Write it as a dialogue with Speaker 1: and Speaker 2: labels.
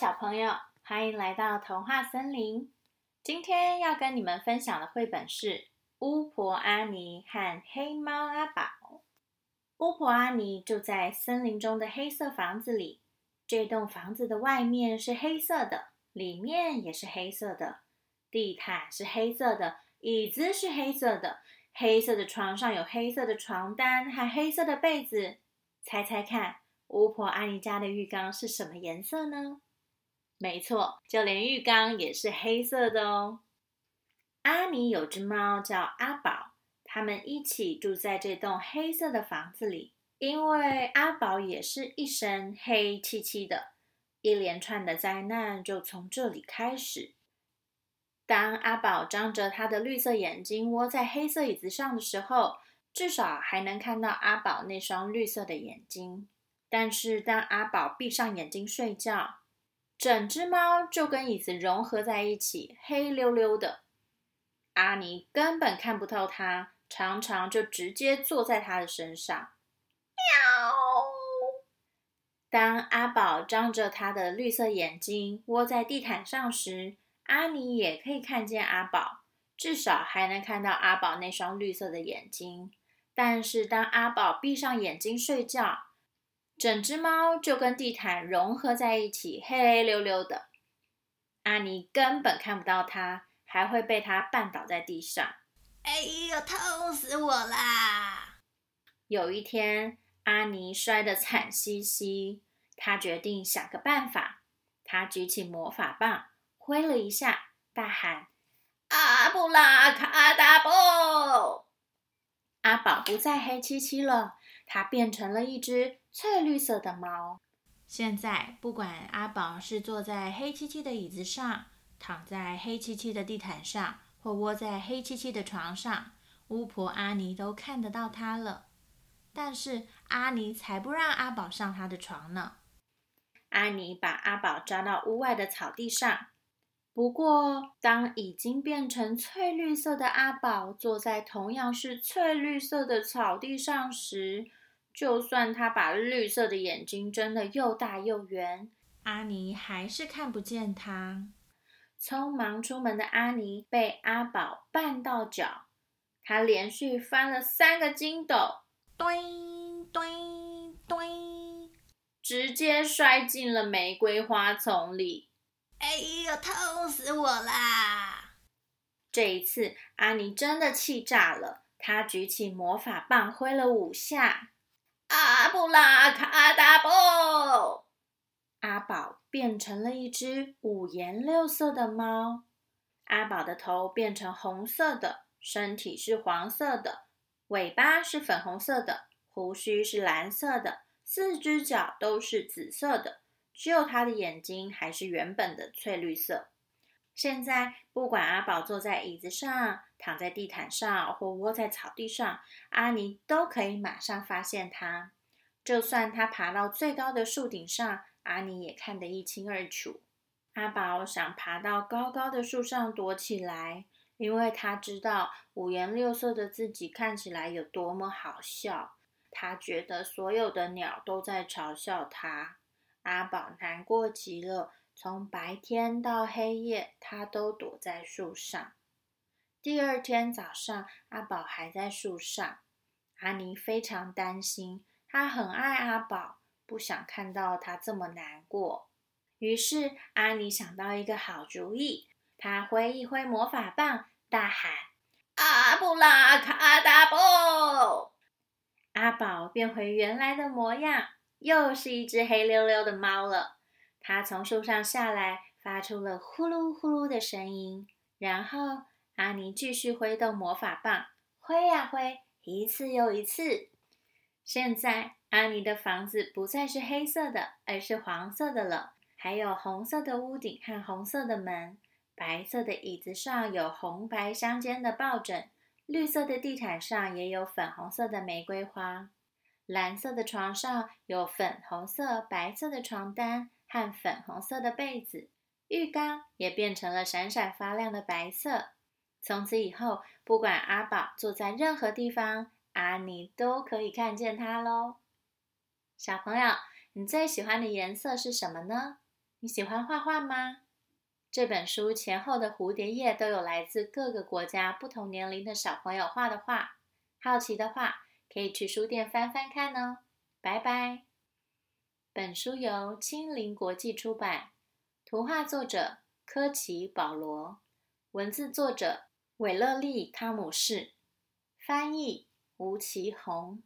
Speaker 1: 小朋友，歡迎來到童話森林。今天要跟你們分享的繪本是《巫婆阿妮和黑貓阿寶》。巫婆阿妮住在森林中的黑色房子裡，這棟房子的外面是黑色的，裡面也是黑色的。地毯是黑色的，椅子是黑色的，黑色的床上有黑色的床單和黑色的被子。猜猜看，巫婆阿妮家的浴缸是什麼顏色呢？沒錯，就連浴缸也是黑色的哦。阿妮有只貓叫阿寶，他們一起住在這棟黑色的房子裡。因為阿寶也是一身黑漆漆的，一連串的災難就從這裡開始。當阿寶張着他的綠色眼睛窩在黑色椅子上的時候，至少還能看到阿寶那雙綠色的眼睛。但是當阿寶閉上眼睛睡覺。整隻貓就跟椅子融合在一起，黑溜溜的，阿妮根本看不透它，常常就直接坐在它的身上。喵！當阿寶張着他的綠色眼睛窩在地毯上時，阿妮也可以看見阿寶，至少還能看到阿寶那雙綠色的眼睛。但是當阿寶閉上眼睛睡覺。整隻貓就跟地毯融合在一起，黑溜溜的，阿妮根本看不到它，還會被它絆倒在地上。哎呦，痛死我啦！有一天，阿妮摔得慘兮兮，他決定想個辦法。他舉起魔法棒，揮了一下，大喊：“阿布拉卡達布！”不再黑漆漆了，它變成了一隻翠綠色的貓。現在，不管阿寶是坐在黑漆漆的椅子上，躺在黑漆漆的地毯上，或窩在黑漆漆的床上，巫婆阿妮都看得到它了。但是阿妮才不讓阿寶上他的床呢。阿妮把阿寶抓到屋外的草地上。不過，當已經變成翠綠色的阿寶坐在同樣是翠綠色的草地上時，就算他把綠色的眼睛睜得又大又圓，阿妮還是看不見他。匆忙出門的阿妮被阿寶絆到腳，他連續翻了三個筋斗，咚咚咚，直接摔進了玫瑰花叢裡。哎呦，痛死我啦！這一次，阿妮真的氣炸了，她舉起魔法棒揮了五下，“阿布拉卡達布”，阿寶變成了一隻五顏六色的貓。阿寶的頭變成紅色的，身體是黃色的，尾巴是粉紅色的，鬍鬚是藍色的，四隻腳都是紫色的。只有他的眼睛還是原本的翠綠色。現在，不管阿寶坐在椅子上、躺在地毯上或窩在草地上，阿妮都可以馬上發現他。就算他爬到最高的樹頂上，阿妮也看得一清二楚。阿寶想爬到高高的樹上躲起來，因為他知道五顏六色的自己看起來有多麼好笑。他覺得所有的鳥都在嘲笑他。阿寶難過極了，從白天到黑夜，他都躲在樹上。第二天早上，阿寶還在樹上，阿妮非常擔心，他很愛阿寶，不想看到他這麼難過。於是，阿妮想到一個好主意，他揮一揮魔法棒，大喊：“阿布拉卡達布！”阿寶變回原來的模樣。又是一隻黑溜溜的貓了。它從樹上下來，發出了呼嚕呼嚕的聲音。然後阿尼繼續揮動魔法棒，揮呀、啊、揮，一次又一次。現在阿尼的房子不再是黑色的，而是黃色的了。還有紅色的屋頂和紅色的門，白色的椅子上有紅白相間的抱枕，綠色的地毯上也有粉紅色的玫瑰花。藍色的床上有粉紅色、白色的床單和粉紅色的被子，浴缸也變成了閃閃發亮的白色。從此以後，不管阿寶坐在任何地方，阿妮都可以看見他嘍。小朋友，你最喜歡的顏色是什麼呢？你喜歡畫畫嗎？這本書前後的蝴蝶頁都有來自各個國家、不同年齡的小朋友畫的畫。好奇的話，可以去書店翻翻看哦，拜拜。本書由青林國際出版，圖畫作者柯奇·保羅，文字作者韋樂莉·湯瑪士，翻譯吳其鴻。